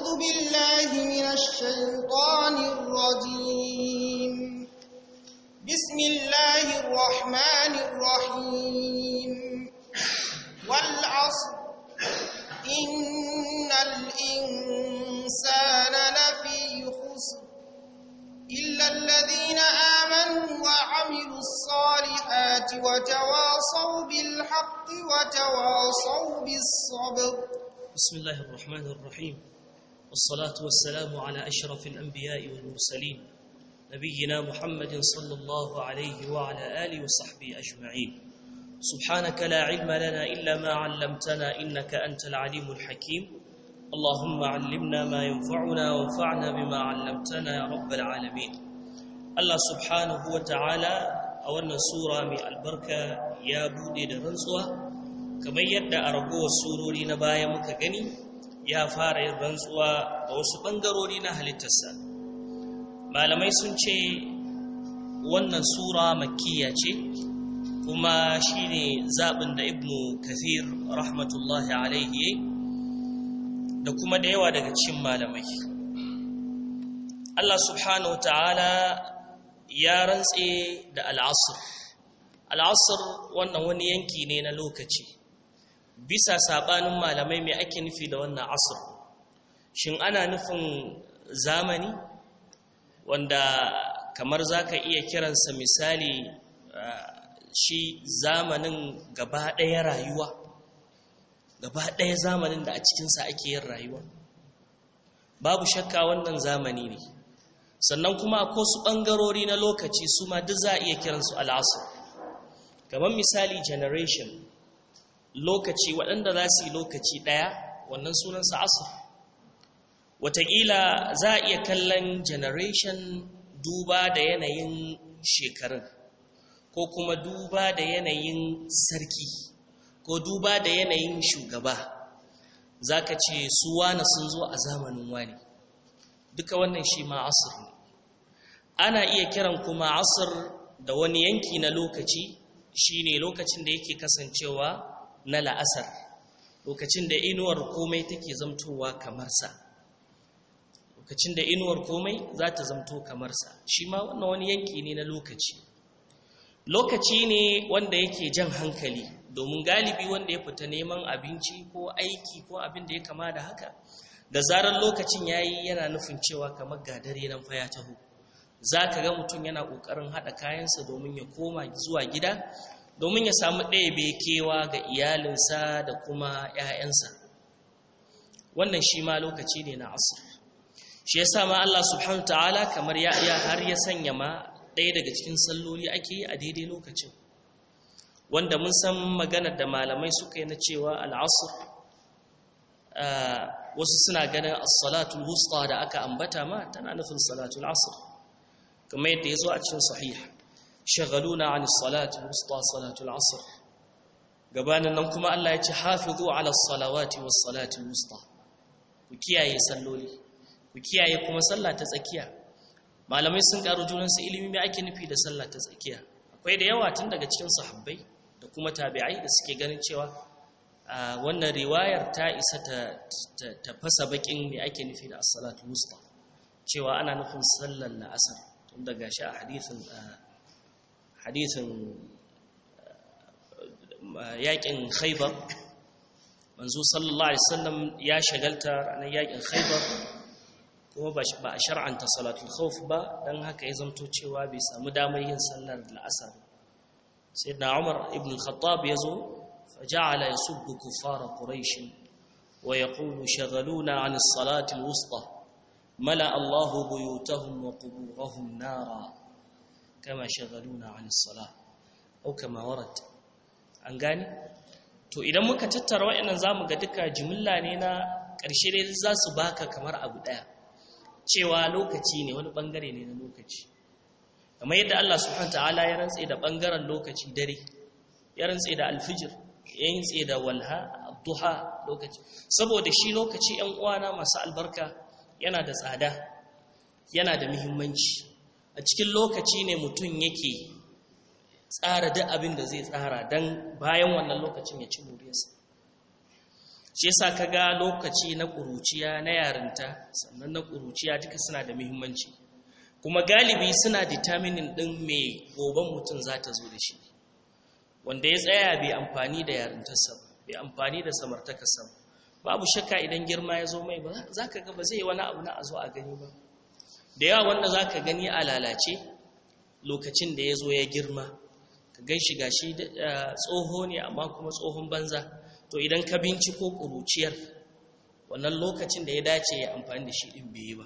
أعوذ بالله من الشيطان الرجيم بسم الله الرحمن الرحيم والعصر إن الإنسان لفي خسر إلا الذين آمنوا وعملوا الصالحات وتواصوا بالحق وتواصوا بالصبر بسم الله الرحمن الرحيم والصلاة والسلام على أشرف الأنبياء والمرسلين نبينا محمد صلى الله عليه وعلى آله وصحبه أجمعين سبحانك لا علم لنا إلا ما علمتنا إنك أنت العليم الحكيم اللهم علمنا ما ينفعنا وانفعنا بما علمتنا يا رب العالمين الله سبحانه وتعالى أولنا سورة من البركة يا بودي bude كما rantsuwa أرقوه yadda لنبايا ragowar ya fara yin rantsuwa a wasu ɓangarori na halittarsa malamai sun ce wannan sura makiyya ce kuma shine zaɓin da ibnu kafir rahmatullahi alaihi da kuma da yawa daga cikin malamai Allah subhanahu wa ta'ala ya rantse da Al'asur. Al'asur wannan wani yanki ne na lokaci bisa sabanin malamai mai ake nufi da wannan asur? shin ana nufin zamani wanda kamar za ka iya kiransa misali shi zamanin gaba ɗaya rayuwa gaba ɗaya zamanin da a cikinsa ake yin rayuwa babu shakka wannan zamani ne sannan kuma ko su ɓangarori na lokaci su ma duk za a iya kiransu al'asur. kamar misali generation lokaci waɗanda za su yi lokaci ɗaya wannan sunansa asir wataƙila za a iya kallon generation duba da yanayin shekarun ko kuma duba da yanayin sarki ko duba da yanayin shugaba za ka ce su wane sun zo a zamanin Wani. duka wannan shi ma asir ana iya kiran kuma asir da wani yanki na lokaci shi ne lokacin da yake kasancewa na la'asar lokacin da inuwar komai take zamtowa kamar sa lokacin da inuwar komai za ta zamto kamar sa shi ma wannan wani yanki ne na lokaci lokaci ne wanda yake jan hankali domin galibi wanda ya fita neman abinci ko aiki ko abin da ya kama da haka da zarar lokacin ya yayi yana nufin cewa kamar ga dare nan fa ya taho za ka ga mutum yana ƙoƙarin haɗa kayansa domin ya koma zuwa gida domin ya samu bai kewa ga iyalinsa da kuma ‘ya'yansa wannan shi ma lokaci ne na asir shi ya sa ma Allah subhanahu ta'ala kamar ya har ya sanya ma ɗaya daga cikin salloli ake yi a daidai lokacin wanda mun san maganar da malamai suka yi na cewa al'asir wasu suna ganin as-salatul wusta da aka ambata ma tana nufin salatul asur. kamar yadda ya zo a cikin sahih shagaluna an salati wusta salatul asr gabanin nan kuma Allah ya ce hafizu ala salawati was salatul wusta ku kiyaye salloli ku kiyaye kuma sallah ta tsakiya malamai sun karo junansu ilimi me ake nufi da sallah ta tsakiya akwai da yawa tun daga cikin sahabbai da kuma tabi'ai da suke ganin cewa wannan riwayar ta isa ta fasa bakin me ake nufi da as-salatu wusta cewa ana nufin sallar la'asar tun daga shi a hadithin hadisin eh, yakin khaibar manzo sallallahu alaihi wasallam ya shagalta ranar yakin khaibar kuma ba a shar'anta salatul khauf ba dan haka ya zanto cewa bai samu damar yin sallar la'asar sayyidina umar ibn khattab yazo faja'ala yasubbu kufara quraish wa yaqulu shaghaluna 'an as-salati al-wusta mala Allahu buyutahum wa quburahum nara kama shagaluna an sala au kama warad an gane to idan muka tattara wa'annan zamu ga duka jimilla ne na ƙarshe ne za su baka kamar abu ɗaya cewa lokaci ne wani bangare ne na lokaci kamar yadda Allah subhanahu ta'ala ya rantse da bangaren lokaci dare ya rantse da alfijir ya rantsa da walha duha lokaci saboda shi lokaci 'yan uwana masu albarka yana da tsada yana da muhimmanci a cikin lokaci ne mutum yake tsara duk abin da zai tsara don bayan wannan lokacin ya ci muriyarsa shi yasa ka ga lokaci na ƙuruciya na yarinta sannan na ƙuruciya duka suna da muhimmanci kuma galibi suna determinin ɗin mai goban mutum za ta zo da shi wanda ya tsaya bai amfani da yarintarsa bai amfani da samartakarsa babu shakka idan girma ya zo mai ba za ka ga ba zai yi wani abu na a zo a gani ba da yawa wanda za ka gani a lalace lokacin da ya zo ya girma ka gan shi eh, tsoho ne amma kuma tsohon banza to idan ka binciko ƙuruciyar wannan lokacin da ya dace ya amfani da shi ɗin bai ba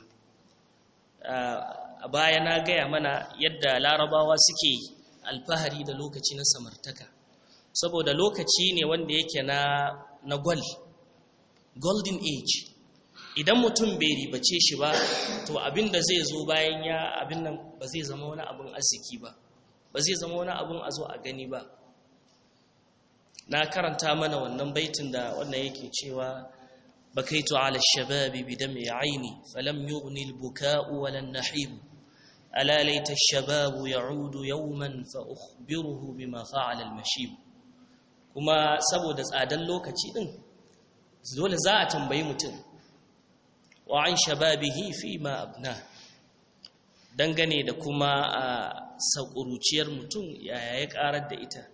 eh, a baya na gaya mana yadda larabawa suke alfahari da lokaci na samartaka saboda lokaci ne wanda yake na gwal golden age idan mutum bai ribace shi ba to abin da zai zo bayan ya abin nan ba zai zama wani abin arziki ba ba zai zama wani abin a zo a gani ba na karanta mana wannan baitin da wannan yake cewa bakaitu ala shababi bidami aini falam yughni albuka'u wala an shababu ya'udu yawman fa kuma saboda tsadan lokaci ɗin, dole za a tambayi mutum wa an shababihi fi ma abna dangane da kuma a saƙuruciyar mutum yaya ya ƙarar da ita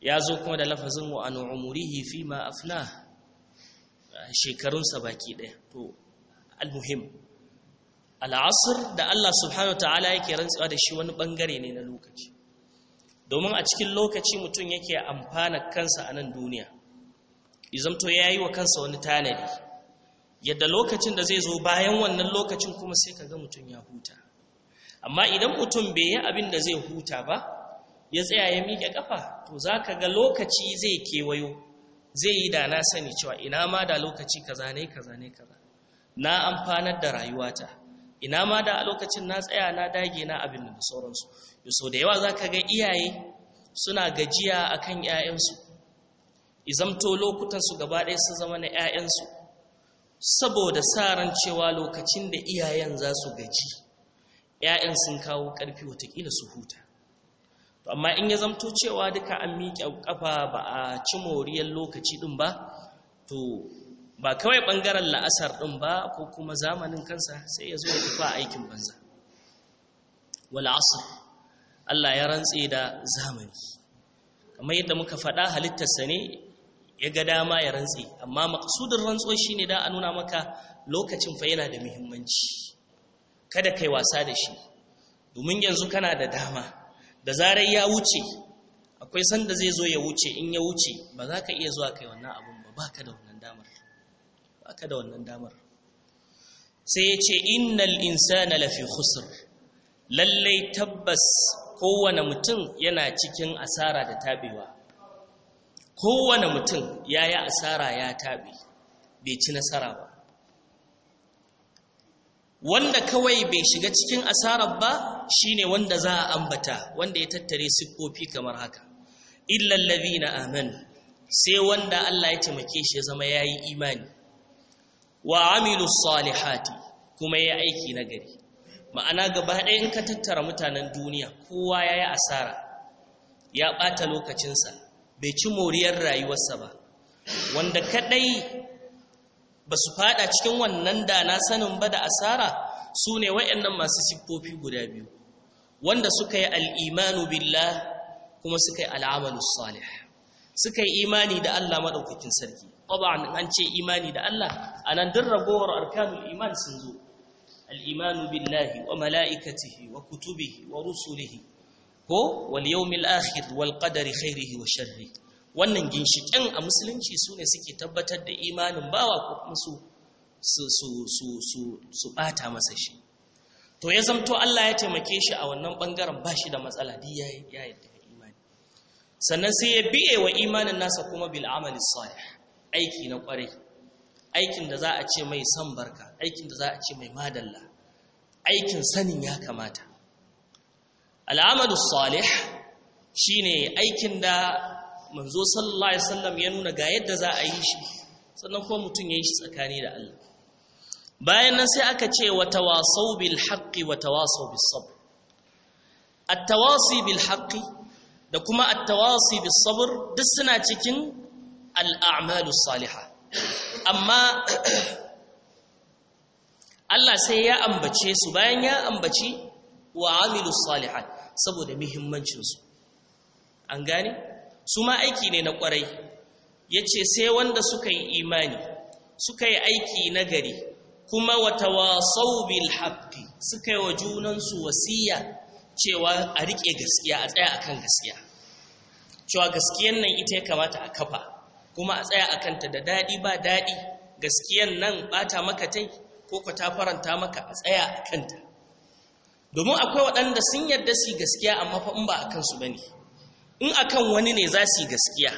ya zo kuma da lafazin wa an umurihi fi ma afna shekarunsa baki ɗaya to almuhim al'asr da Allah subhanahu wa ta'ala yake rantsuwa da shi wani bangare ne na lokaci domin a cikin lokaci mutum yake amfana kansa a nan duniya izamto ya yi wa kansa wani tanadi yadda lokacin da zai zo bayan wannan lokacin kuma sai ka ga mutum ya huta amma idan mutum bai yi abin da zai huta ba ya tsaya ya miƙe ƙafa to za ka ga lokaci zai kewayo zai yi da na sani cewa ina ma da lokaci kaza ne kaza ne kaza na amfanar da rayuwata ina ma da lokacin na tsaya na dage na abin da sauransu sau da yawa za ka ga iyaye suna gajiya akan 'ya'yansu izamto lokutansu gaba ɗaya su zama na 'ya'yansu saboda sa ran cewa lokacin da iyayen za su gaji ‘ya'yan sun kawo ƙarfi watakila su huta amma in ya zamto cewa duka an miƙe ƙafa ba a ci moriyar lokaci ɗin ba to ba kawai ɓangaren la'asar ɗin ba ko kuma zamanin kansa sai ya zo tufa aikin banza wala Allah ya rantse da zamani kamar yadda muka faɗa halittarsa ne ya ga dama ya rantse amma maqsudin rantsuwa ne, da a nuna maka lokacin fa yana da muhimmanci kada kai wasa da shi domin yanzu kana da dama da zarar ya wuce akwai sanda zai zo ya wuce in ya wuce ba za ka iya zuwa kai wannan abun ba baka da wannan damar baka da wannan damar sai ya ce innal insana lafi khusr lallai tabbas kowane mutum yana cikin asara da tabewa kowane mutum ya yi asara ya taɓe bai ci nasara ba wanda kawai bai shiga cikin asarar ba shine wanda za a ambata wanda ya tattare siffofi kamar haka illallabi na amin sai wanda Allah ya taimake shi ya zama ya yi imani wa amilu salihati kuma ya aiki na gari ma'ana gaba ɗaya in ka tattara mutanen duniya kowa ya yi asara ya ɓata lokacinsa bai ci moriyar rayuwarsa ba wanda kadai ba su fada cikin wannan da na sanin ba da asara su ne wa'annan masu siffofi guda biyu wanda suka yi al'imanu billah kuma suka yi al'amalu salih suka yi imani da Allah maɗaukakin sarki ƙwaba'an an ce imani da Allah a nan duk ragowar arkanul iman sun zo al'imanu billahi wa mala'ikatihi wa kutubihi wa rusulihi ko wal yawmil akhir wal qadari khairihi wa sharri wannan ginshiƙin a musulunci sune suke tabbatar da imanin bawa ko su su su su bata masa shi to ya zamto Allah ya taimake shi a wannan bangaren ba shi da matsala di ya ya yadda imani sannan sai ya biye wa imanin nasa kuma bil amali salih aiki na kwarai aikin da za a ce mai san barka aikin da za a ce mai madalla aikin sanin ya kamata al'amadu salih shine aikin da manzo sallallahu alaihi wasallam ya nuna ga yadda za a yi shi sannan kuma mutum ya yi shi tsakani da Allah bayan nan sai aka ce wata wasau bil haqqi wa tawasau bis sabr at bil haqqi da kuma at-tawasi bis duk suna cikin al-a'malu amma Allah sai ya ambace su bayan ya ambaci wa amilu salihan saboda muhimmancinsu an gane su ma aiki ne na kwarai ya ce sai wanda suka yi imani suka yi aiki na gari kuma wata wasau bil haqqi suka yi wa junansu wasiya cewa a riƙe gaskiya a tsaya akan gaskiya cewa gaskiyan nan ita ya kamata a kafa kuma a tsaya akan ta da daɗi ba daɗi gaskiyan nan bata maka tai ko ka ta faranta maka a tsaya akan ta domin akwai waɗanda sun yarda su gaskiya amma fa in ba kansu ba ne, in akan wani ne za su gaskiya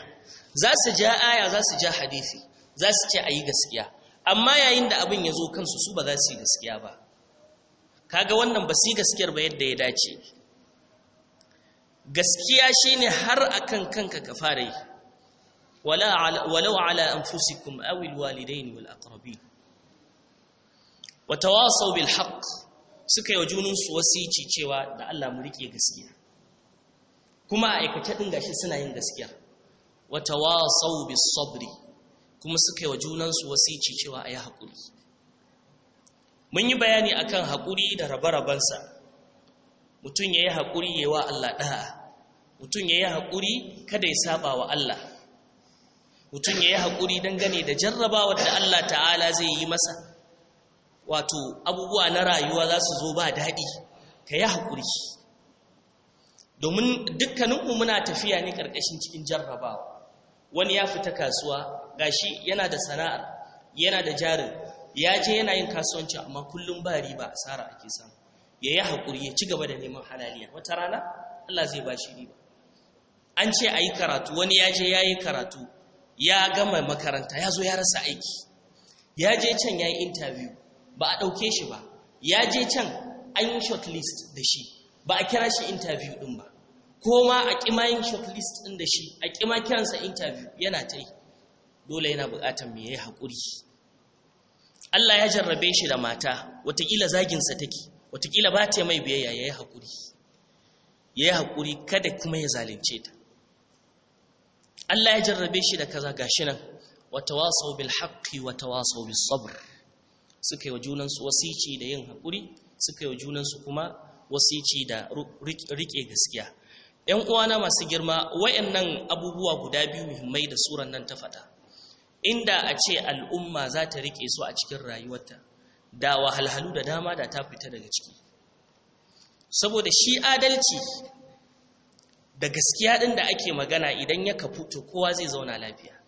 za su ja aya za su ja hadisi za su ce ayi gaskiya amma yayin da abin ya zo kansu su ba za su gaskiya ba kaga wannan ba su gaskiyar ba yadda ya dace gaskiya shine har akan kanka ka fara yi walau ala anfusikum awil walidaini wal aqrabin wa tawasaw bil haqq suka yi wa junansu wasici cewa da Allah mu rike gaskiya kuma a aikace din gashi suna yin gaskiya wa tawasaw bis sabri kuma suka yi wa junansu wasici cewa ayi hakuri mun yi bayani akan hakuri da rabarabansa mutum yayi hakuri yayi wa Allah da mutum yayi hakuri kada ya saba wa Allah mutum yayi hakuri dangane da jarrabawar da Allah ta'ala zai yi masa wato abubuwa na rayuwa za su zo ba daɗi ka yi haƙuri domin dukkaninmu muna tafiya ne ƙarƙashin cikin jarrabawa wani ya fita kasuwa gashi yana da sana'ar yana da jarin ya je yana yin kasuwanci amma kullum ba riba asara ake samu ya yi haƙuri ya ci gaba da neman halaliya wata rana Allah zai ba shi riba an ce a yi karatu wani ya je ya yi karatu ya gama makaranta ya zo ya rasa aiki ya je can ya yi intabiyu ba a ɗauke shi ba ya je can an yi shortlist da shi ba a kira shi interview ɗin ba ko ma a ƙima yin shortlist ɗin da shi a ƙima kiransa interview yana ta yi dole yana buƙatar me ya yi haƙuri Allah ya jarrabe shi da mata watakila zaginsa take watakila ba ta mai biyayya ya yi haƙuri ya yi haƙuri kada kuma ya zalunce ta Allah ya jarrabe shi da kaza gashi nan wata wasau bil haqqi wata wasau sabr suka yi wa junansu wasici da yin haƙuri suka yi wa junansu kuma wasici da riƙe gaskiya ‘yan uwana masu girma wayannan abubuwa guda biyu muhimmai da suran nan ta fata inda a ce al'umma za ta riƙe su a cikin rayuwarta da wahalhalu da dama da ta fita daga ciki saboda shi adalci da gaskiya ɗin da ake magana idan ya kafu to kowa zai zauna lafiya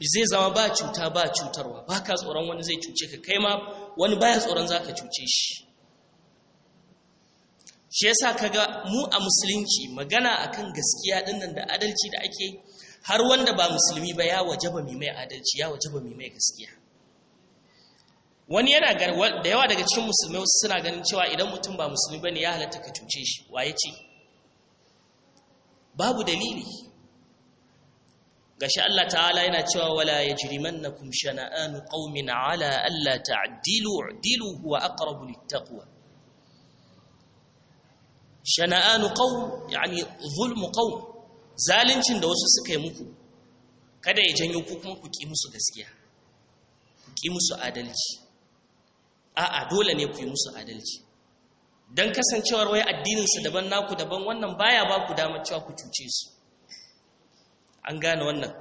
zai zama ba cuta ba cutarwa ba ka tsoron wani zai cuce ka kai ma wani baya tsoron za ka cuce shi shi yasa kaga mu a musulunci magana akan gaskiya dinnan da adalci da ake har wanda ba musulmi ba ya waje ba mai adalci ya waje mai mai gaskiya wani yana da yawa daga cikin musulmai wasu suna ganin cewa idan mutum ba musulmi bane ya halatta ka cuce shi waye ce babu dalili gashi Allah ta'ala yana cewa wala yajrimannakum shana'anu qaumin ala Allah ta'dilu dilu huwa aqrabu littaqwa shana'anu qaum yani zulmu qaum zalincin da wasu suka yi muku kada ya janyo ku kuma ku ki musu gaskiya ku ki musu adalci a'a dole ne ku yi musu adalci dan kasancewar wai addinin su daban naku daban wannan baya ba ku damar cewa ku cuce su an gane wannan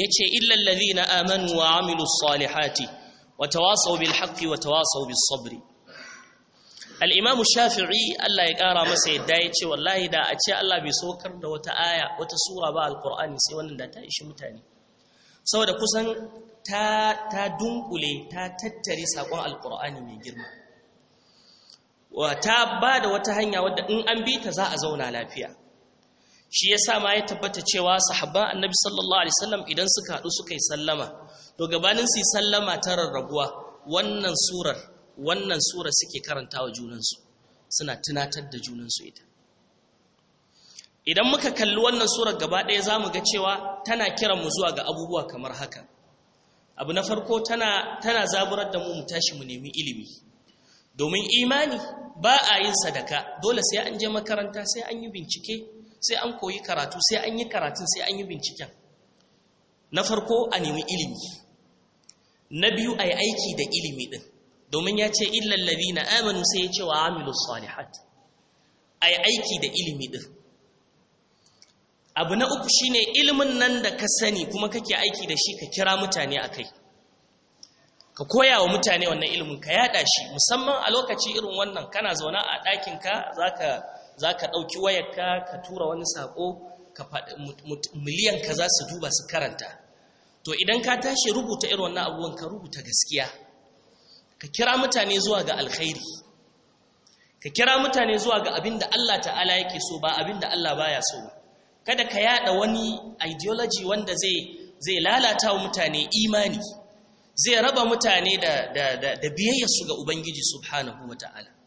yace illal ladina amanu wa amilus salihati wata tawasaw bil haqqi wata tawasaw bis sabri al imam shafi'i Allah ya kara masa yadda ce, wallahi da a ce Allah bai saukar da wata aya wata sura ba alqur'ani sai wannan da ta ishi mutane saboda kusan ta dunkule ta tattare sakon alqur'ani mai girma wa ta bada wata hanya wadda in an bi ta za a zauna lafiya shi ya sa ma ya tabbata cewa sahabban annabi sallallahu alaihi wasallam idan suka haɗu suka yi sallama to gabanin su yi sallama ta rarrabuwa wannan surar wannan surar suke karantawa junansu suna tunatar da junansu ita idan muka kalli wannan surar gaba ɗaya za mu ga cewa tana kiran mu zuwa ga abubuwa kamar haka abu na farko tana, tana zaburar da mu mu tashi mu nemi ilimi domin imani ba a yin sadaka dole sai an je makaranta sai an yi bincike sai an koyi karatu sai an yi karatun sai an yi binciken na farko a nemi ilimi na biyu a yi aiki da ilimi ɗin domin ya ce illallabi na amanu sai ya ce wa amilu salihat a yi aiki da ilimi ɗin abu na uku shine ilimin nan da ka sani kuma kake aiki da shi ka kira mutane a kai ka koya wa mutane wannan ilimin ka yaɗa shi musamman a lokaci irin wannan kana zaune a ɗakinka za ka za ka ɗauki wayarka ka tura wani saƙo miliyan ka za su duba su karanta to idan ka tashi rubuta irin wannan abubuwan ka rubuta gaskiya ka kira mutane zuwa ga alkhairi ka kira mutane zuwa ga abin da Allah ta'ala yake so ba abin da Allah baya so kada ka yada wani ideology wanda zai zai lalata wa mutane imani zai raba mutane da da da, ga ubangiji subhanahu wataala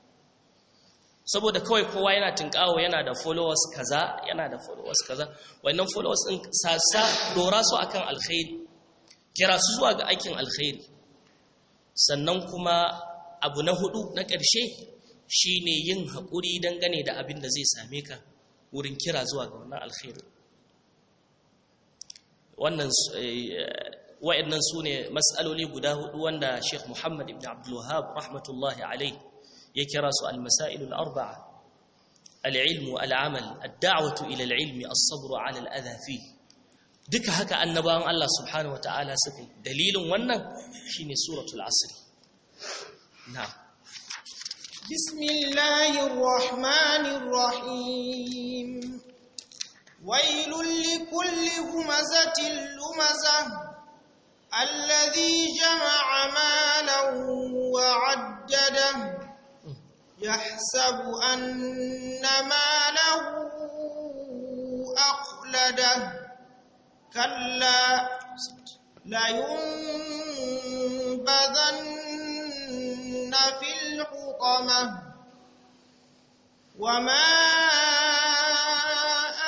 saboda kawai kowa yana tinkawo yana da followers kaza yana da followers kaza wannan followers din sassa dora su akan alkhairi kira su zuwa ga aikin alkhairi sannan kuma abu na hudu na ƙarshe shine yin haƙuri dangane da abin da zai same ka wurin kira zuwa ga wannan alkhairi wannan eh, wa'annan su ne mas'aloli guda hudu wanda Sheikh Muhammad ibn Abdul rahmatullahi alaihi ya kira su almasailul arbaa al alamal ada'watu ila al as-sabr 'ala al-adha fi duka haka annabawan Allah subhanahu wata'ala suka dalilin wannan shine suratul asr na'am bismillahir rahmanir rahim wailul likulli lumaza. Alladhi jama'a جمع مالا وعدده يحسب أن ماله أخلده كلا لينبذن في الحطمة وما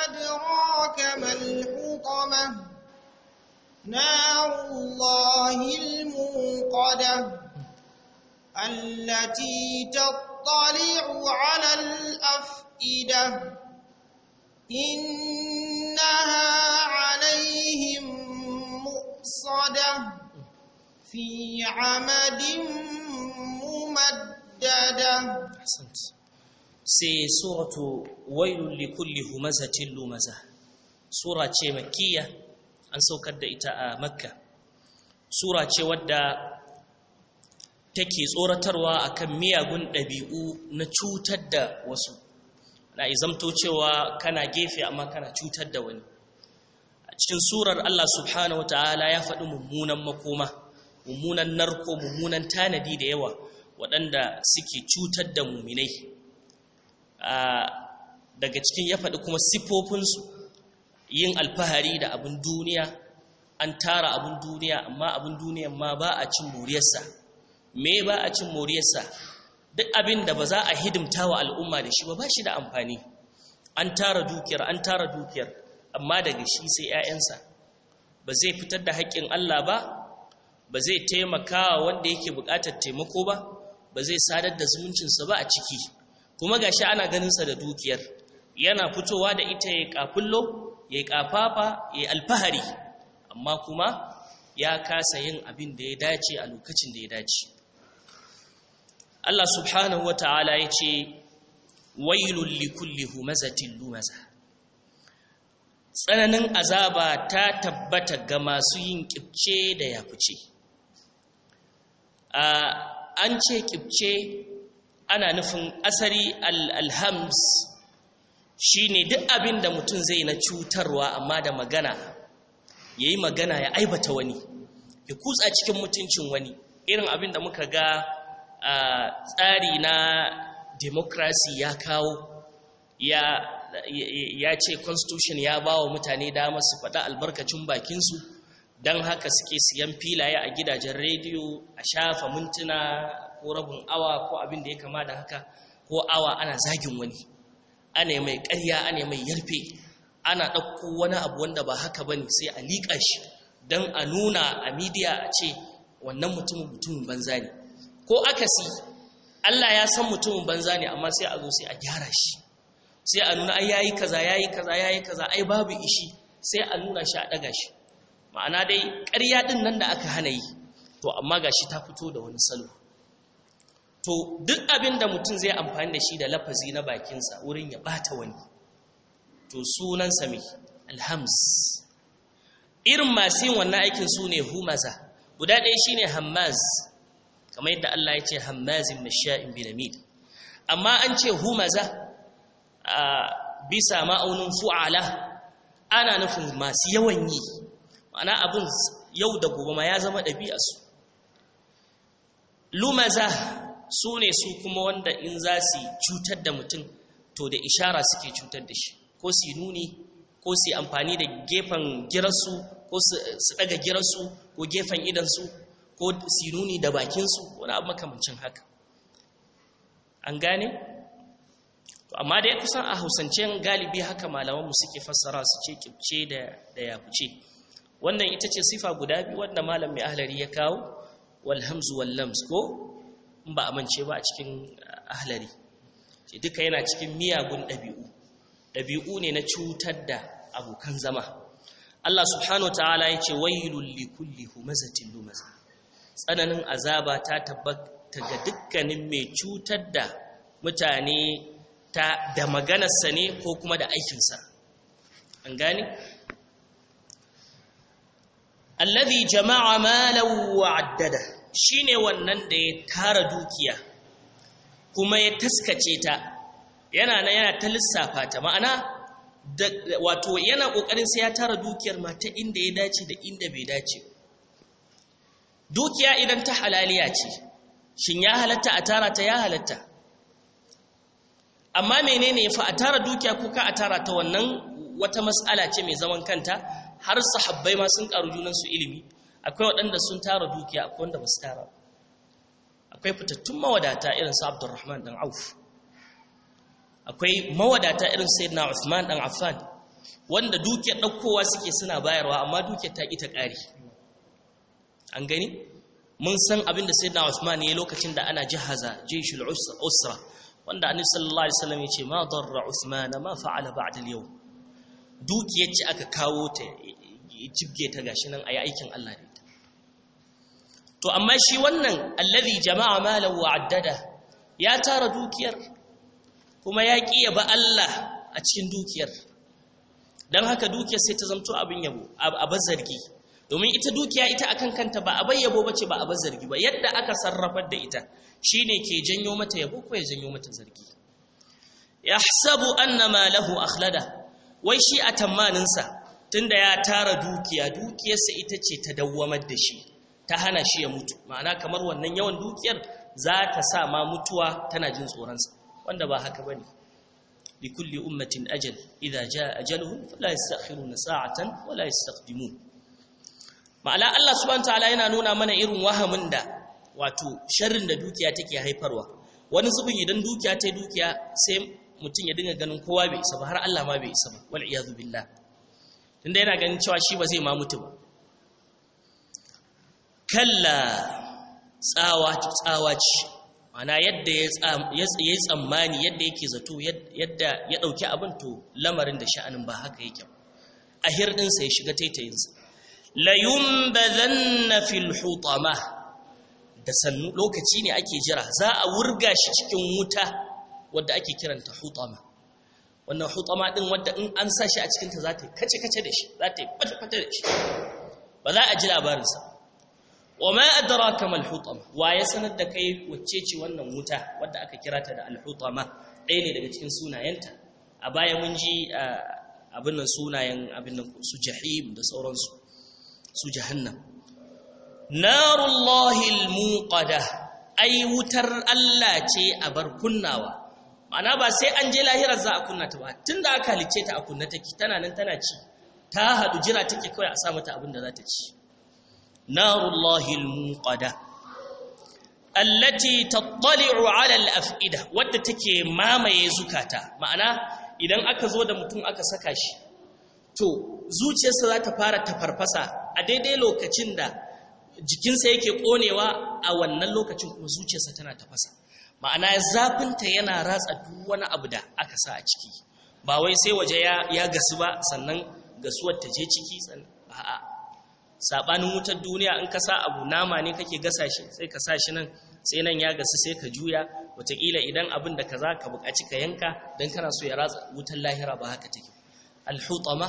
أدراك ما الحطمة نار الله الموقدة التي تطلع نطلع على الأفئدة إنها عليهم مؤصدة في عمد ممددة أحسنت سي سورة ويل لكل همزة لمزة سورة مكية أن سوكد إتاء مكة سورة ودى take tsoratarwa akan miyagun ɗabi'u na cutar da wasu na izamto cewa kana gefe amma kana cutar da wani a cikin surar Allah subhanahu ta'ala ya faɗi mummunan makoma mummunan narko mummunan tanadi da yawa waɗanda suke cutar da muminai daga cikin ya faɗi kuma sifofinsu, yin alfahari da abin duniya an tara abin duniya amma abin duniyan ma ba a cin muriyarsa me ba a cin moriyarsa duk abin da ba za a hidimta wa al'umma da shi ba ba shi da amfani an tara dukiyar an tara dukiyar amma daga shi sai 'ya'yansa ba zai fitar da haƙƙin Allah ba ba zai taimaka wanda yake buƙatar taimako ba ba zai sadar da zumuncinsa ba a ciki kuma gashi ana ganinsa da dukiyar yana fitowa da ita ya kafullo ya kafafa ya alfahari amma kuma ya kasa yin abin da ya dace a lokacin da ya dace Allah subhanahu wa ta'ala ya ce wailul likulli humazatin lumaza tsananin azaba ta tabbata ga masu yin kibce da fice. an ce kibce ana nufin asari alhams shi ne duk abin da mutum zai na cutarwa amma da magana ya magana ya aibata wani ya kutsa cikin mutuncin wani irin abin da muka ga tsari na demokrasi ya kawo ya ce constitution ya ba wa mutane dama su faɗa albarkacin bakinsu don haka suke siyan filaye a gidajen rediyo a shafa mintuna ko rabin awa ko abin da ya kama da haka ko awa ana zagin wani ana mai ƙarya ana mai yarfe ana ɗauko wani abu wanda ba haka ba ne sai a liƙa shi don a nuna a midiya a ce wannan mutumin mutumin banza ne ko akasi Allah ya san mutumin banza ne amma sai a zo sai a gyara shi sai a nuna ai yayi kaza yayi kaza yayi kaza ai babu ishi sai a nuna shi a daga shi ma'ana dai ƙarya din nan da aka hana yi to amma gashi ta fito da wani salo to duk abin da mutum zai amfani da shi da lafazi na bakinsa wurin ya bata wani to sunansa me alhams irin masu yin wannan aikin su ne humaza guda ɗaya shine hammaz kamar yadda Allah ya ce hammazin masha'in binamid amma an ce humaza bisa ma'aunin fu'ala ana nufin masu yawan yi ma'ana abin yau da gobe ma ya zama su lumaza su ne su kuma wanda in za su cutar da mutum to da ishara suke cutar da shi ko su nuni ko su amfani da gefen girarsu ko su ɗaga girarsu ko gefen idansu ko sinuni da bakinsu wani abu makamancin haka an gane amma da dai kusan a hausance galibi haka malamanmu suke fassara su ce kibce da yakuce wannan ita ce sifa guda biyu wanda malam mai ahlari ya kawo walhamzu wallams ko in ba amince ba a cikin ahlari duka yana cikin miyagun ɗabi'u ɗabi'u ne na cutar da abokan zama Allah subhanahu wa ta'ala ya ce wailul likulli humazatin lumaza tsananin azaba ta tabbata ga dukkanin mai cutar da mutane da maganarsa ne ko kuma da aikinsa an gane Allazi jama'a malau wa addada shi ne wannan da ya tara dukiya kuma ya taskace ta yana na yana ta lissafa ta ma'ana wato yana ƙoƙarin sai ya tara dukiyar mata inda ya dace da inda bai dace ba dukiya idan ta halaliya ce shin ya halatta a tara ta ya halatta amma menene fa a tara dukiya ko ka a tara ta wannan wata mas'ala ce mai zaman kanta har sahabbai ma sun karu junansu ilimi akwai waɗanda sun tara dukiya akwai wanda ba su tara akwai fitattun mawadata irin su Abdurrahman dan Auf akwai mawadata irin Sayyidina Uthman dan Affan wanda dukiyar ɗaukowa suke suna bayarwa amma dukiyar ta ƙi ta ƙari an gani mun san abinda da na Uthman ya lokacin da ana jihaza jishul usra wanda annabi sallallahu alaihi wasallam ya ce ma darra Uthman ma fa'ala ba'da al-yawm dukiyar ce aka kawo ta jibge ta gashi nan ayi aikin Allah ne to amma shi wannan alladhi jama'a malan wa addada ya tara dukiyar kuma ya ki ba Allah a cikin dukiyar dan haka dukiyar sai ta zamto abin yabo a bazargi domin ita dukiya ita akan kanta ba a bayyabo ba ce ba a zargi ba yadda aka sarrafar da ita shine ke janyo mata yabo ko ya janyo mata zargi yahsabu anna ma lahu akhlada wai shi a tamanin tunda ya tara dukiya dukiyarsa ita ce ta dawwamar da shi ta hana shi ya mutu ma'ana kamar wannan yawan dukiyar za ta sa ma mutuwa tana jin tsoronsa wanda ba haka bane likulli ummatin ajal idza jaa ajaluhum fala yastakhiruna sa'atan wala yastaqdimun Ma'ala Allah subhanahu ta'ala yana nuna mana irin wahamin da wato sharrin da dukiya take haifarwa wani zubin idan dukiya ta dukiya sai mutum ya dinga ganin kowa bai isa ba har Allah ma bai isa ba wal iyazu billah tunda yana ganin cewa shi ba zai ma mutu ba kalla tsawa tsawa ce ma'ana yadda ya yi tsammani yadda yake zato yadda ya ɗauki abin to lamarin da sha'anin ba haka yake ba a hirɗinsa ya shiga taitayinsa layunbazanna fil hutama da sannu lokaci ne ake jira za a wurga shi cikin wuta wadda ake kiranta hutama wannan hutama din wadda in an sa shi a cikin ta za kace kace da shi za ta fata da shi ba za a ji labarin sa wa ma adraka mal hutama wa ya sanar da kai wacce ce wannan wuta wadda aka kira ta da al hutama ɗaya ne daga cikin sunayenta a baya mun ji ah, abin nan sunayen abin nan su jahim da sauransu su jahannam narullahi almuqada ai wutar Allah ce a bar kunnawa ma'ana ba sai an je lahirar za a kunna ta ba tunda aka halice ta a kunna take tana nan tana ci ta hadu jira take kawai a sa mata abin da za ta ci narullahi almuqada allati tattali'u 'ala al-af'ida wadda take mamaye zukata ma'ana idan aka zo da mutum aka saka shi to zuciyarsa za ta fara tafarfasa a daidai lokacin da jikinsa yake ƙonewa a wannan lokacin kuma zuciyarsa tana tafasa ma'ana zafinta yana ratsa duk wani abu da aka sa a ciki ba wai sai waje ya gasu ba sannan gasuwar ta je ciki a'a sabanin wutar duniya in ka sa abu nama ne kake gasa shi sai ka sa shi nan sai nan ya gasu sai ka juya wataƙila idan abin da ka za ka buƙaci ka yanka don kana so ya ratsa wutar lahira ba haka take alhutama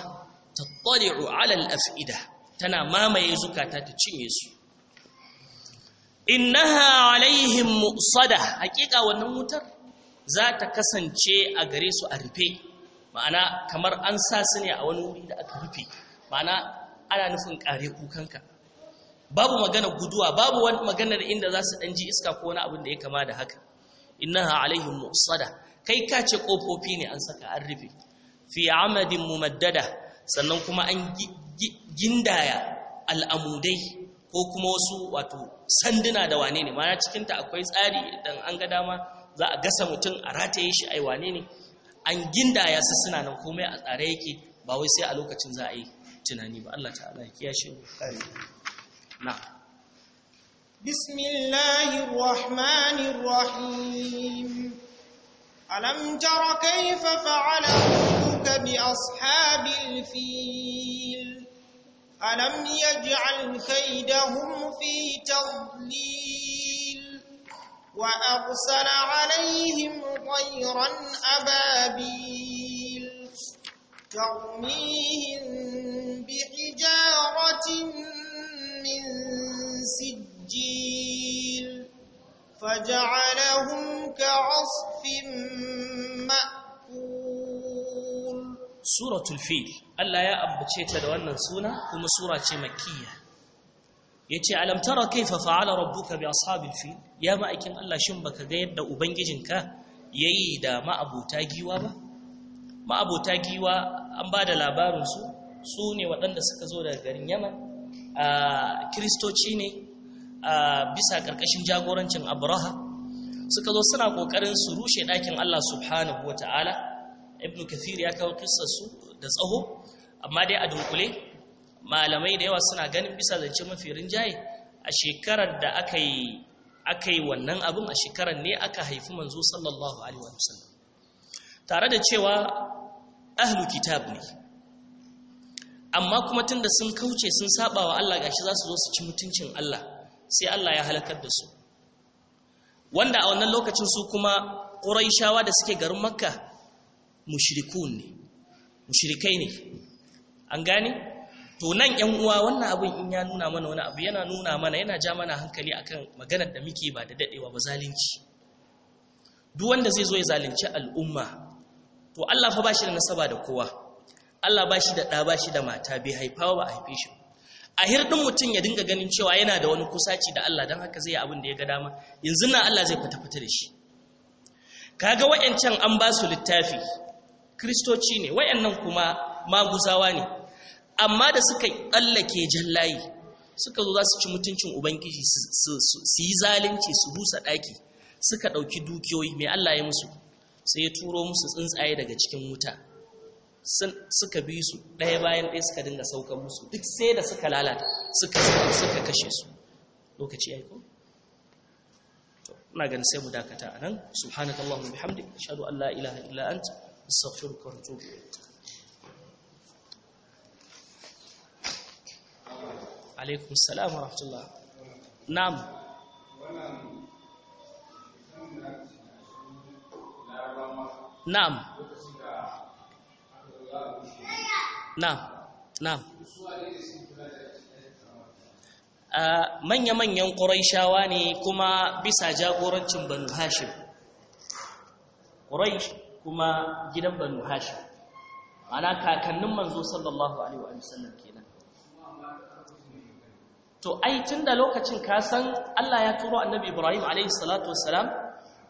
tattali'u ala al-af'ida tana mamaye zukata ta cinye su innaha alaihim musada hakika wannan wutar za ta kasance a gare su a rufe ma'ana kamar an sa su ne a wani wuri da aka rufe ma'ana ana nufin kare kukanka babu magana guduwa babu wani da inda za su dan ji iska ko wani abin da ya kama da haka innaha alaihim musada kai ka ce kofofi ne an saka an rufe fi amadin mumaddada sannan kuma an gindaya al'amudai ko kuma wasu wato sanduna da wane ne mana cikinta akwai tsari idan an ga dama za a gasa mutum a rataye shi a wane ne an gindaya su suna nan komai a tsare yake ba wai sai a lokacin za a yi tunani ba Allah ta'ala ya shi na بسم الله jara الرحيم ألم تر كيف فعل ربك بأصحاب ألم يجعل كيدهم في تضليل وأرسل عليهم طيرا أبابيل ترميهم بحجارة من سجيل فجعلهم كعصف suratul fil Allah ya ambace ta da wannan suna kuma sura ce makkiya yace alam tara kaifa fa'ala rabbuka bi ashabil fil ya ma'aikin Allah shin baka ga yadda ubangijinka yayi da ma'abota giwa ba ma'abota giwa an bada da labarin su su ne waɗanda suka zo daga garin Yaman a kristoci ne a bisa ƙarƙashin jagorancin Abraha suka zo suna ƙoƙarin su rushe ɗakin Allah subhanahu wata'ala ibn kathir ya kawo kissar su da tsaho amma dai a dunkule malamai da yawa suna ganin bisa zance mafi rinjaye a shekarar da aka yi wannan abin a shekarar ne aka haifi manzo sallallahu alaihi sallam tare da cewa ahlu kitab ne amma kuma tunda sun kauce sun saba wa Allah gashi za su zo su ci mutuncin Allah sai Allah ya halakar da su wanda a wannan lokacin su kuma ƙuraishawa da suke garin makka mushrikun ne an gane to nan yan uwa wannan abin in ya nuna mana wani abu yana nuna mana yana ja mana hankali akan maganar da muke ba da dadewa ba zalunci duk wanda zai zo ya zalunci al'umma to Allah fa bashi da nasaba da kowa Allah bashi da da bashi da mata bai haifa ba a haife shi a hirdin mutum ya dinga ganin cewa yana da wani kusaci da Allah dan haka zai yi abin da ya ga dama yanzu na Allah zai fita fita da shi kaga wa'ancan an ba su littafi kristoci ne wayannan kuma maguzawa ne amma da suka tsallake jallayi suka zo za su ci mutuncin ubangiji su yi zalunci su busa ɗaki suka ɗauki dukiyoyi mai Allah ya musu sai ya turo musu tsuntsaye daga cikin wuta suka bi su ɗaya bayan ɗaya suka dinga sauka musu duk sai da suka lalata suka suka kashe su lokaci ya yi ko? ina ganin sai mu dakata a nan subhanakallahumma bihamdik ashhadu an la ilaha illa anta استغفرك واتوب عليكم السلام ورحمه wa نعم na'am na'am na'am na'am manya-manyan ƙuraishawa ne kuma bisa jagorancin banu hashim ƙuraish kuma gidan banu hashim Ana kakannin manzo sallallahu alaihi wa sallam kenan to ai tunda lokacin ka san Allah ya turo annabi Ibrahim alaihi salatu wassalam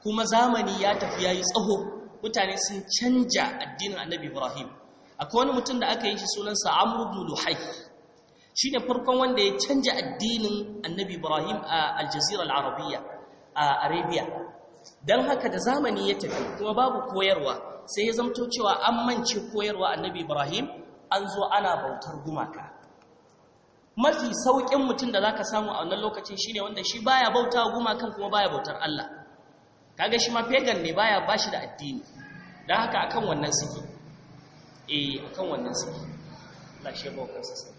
kuma zamani ya tafi yayi tsaho mutane sun canja addinin annabi Ibrahim akwai wani mutum da aka yi shi sunansa Amr ibn Luhay shine farkon wanda ya canja addinin annabi Ibrahim a Aljazeera al-Arabiyya a Arabia don haka da zamani ya tafi kuma babu koyarwa sai ya zamto cewa an mance koyarwa annabi ibrahim an zo ana bautar gumaka mafi sauƙin mutum da za ka samu a wannan lokacin shine wanda shi baya bauta gumakan kuma baya bautar allah kaga shi ma pagan ne baya bashi da addini don haka akan wannan suke eh akan wannan suke Allah shi